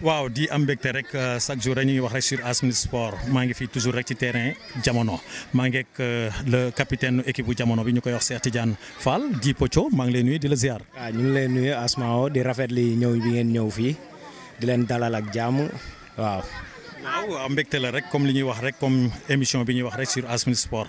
waaw di am mbégte rek euh, chaque jour dañuy wax rek sur AS Sport maa ngi fi toujours rek ci terrain jamono maa ngi ak euh, le capitaine équipe bu jamono bi ñu koy wax Cheikh Tidiane Fall di Pocho maa ngi lay nuyu di la ziar. waaw ñu ngi lay nuyu Asmao di rafet li ñëw bi ngeen ñëw fii di leen dalal ak jàmm waaw. waaw mbégte la rek comme li ñuy wax rek comme émission bi ñuy wax rek sur AS Sport.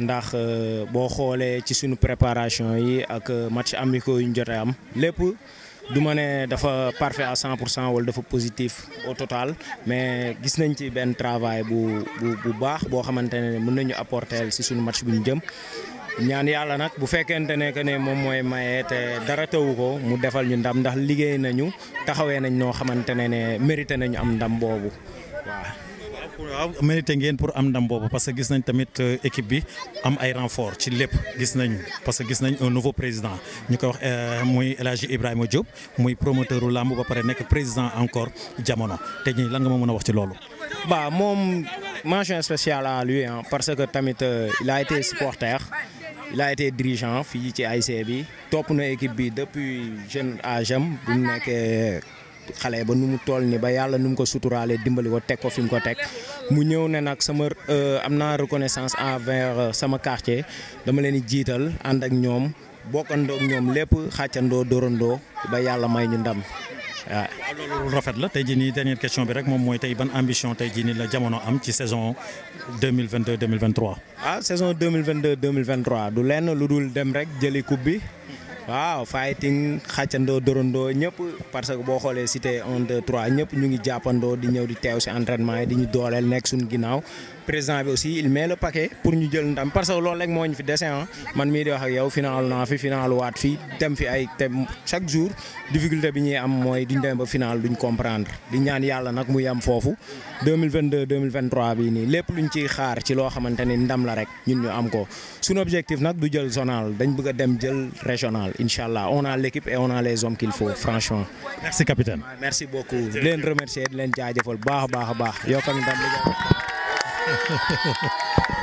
ndax euh, boo xoolee ci suñu préparation yi ak euh, match amicaux yu ñu jotee am lépp du ma ne dafa parfait à 100 pour cent wala dafa positif au total mais gis nañ ci benn travail bu bu bu baax boo xamante ne mën nañu apporter si suñu match bu ñu jëm. ñaan yàlla nag bu fekkente ne que moom mooy maye te dara tawu ko mu defal ñu ndam ndax liggéey nañu taxawee nañ noo xamante ne ne mérité nañu am ndam boobu waaw mérité ngeen pour am ndam bobu parce que gis nañ tamit euh, équipe bi am ay renfort ci lepp gis nañ parce que gis nañ un nouveau président ñu koy wax euh, muy Elhadji Hadji Ibrahima Diop muy promoteur u làmb ba paré nek président encore jamono té ñi lan nga ma mën wax ci lolu ba mom mention spéciale à lui hein, parce que tamit euh, il a été supporter il a été dirigeant fi ci AIC bi topp na équipe bi depuis jeune âge am bu mu xalé ba numu mu toll ni ba yalla num ko suturaalee dimbali ko tek ko fim ko tek mu ñew né nak sama euh amna reconnaissance envers euh, sama quartier dama leen jital and ak ñom bokkandoo ak ñom lépp xatiando dorando ba yalla may ñu ndam waaw. loolu rafet la tay jii nii dernière question bi rek mom moy tay ban ambition tay jii nii la jamono am ci saison 2022 2023. ah saison 2022 2023 du lenn lu dul dem rek jëli coupe bi. waaw fighting xàccandoo dorandoo ñëpp parce que boo xoolee cité 1 2 3 ñëpp ñu ngi jàppandoo di ñëw di teew si entraînement yi di ñu dooleel nekk suñu ginnaaw président bi aussi il met le paquet pour ñu jël ndam parce que loolu rek moo ñu fi dese man mii di wax ak yow final naa fi final waat fi dem fi ay te chaque jour difficulté bi ñuy am mooy duñ dem ba final duñ comprendre di ñaan yàlla nag mu yem foofu 2022 2023 bii nii lépp ñu ciy xaar ci loo xamante ni ndam la rek ñun ñu am ko suñu objectif nag du jël zonal dañ bëgg a dem jël régional. Euh, Inch'Allah. On a l'équipe et on a les hommes qu'il faut, franchement. Merci, capitaine. Merci beaucoup.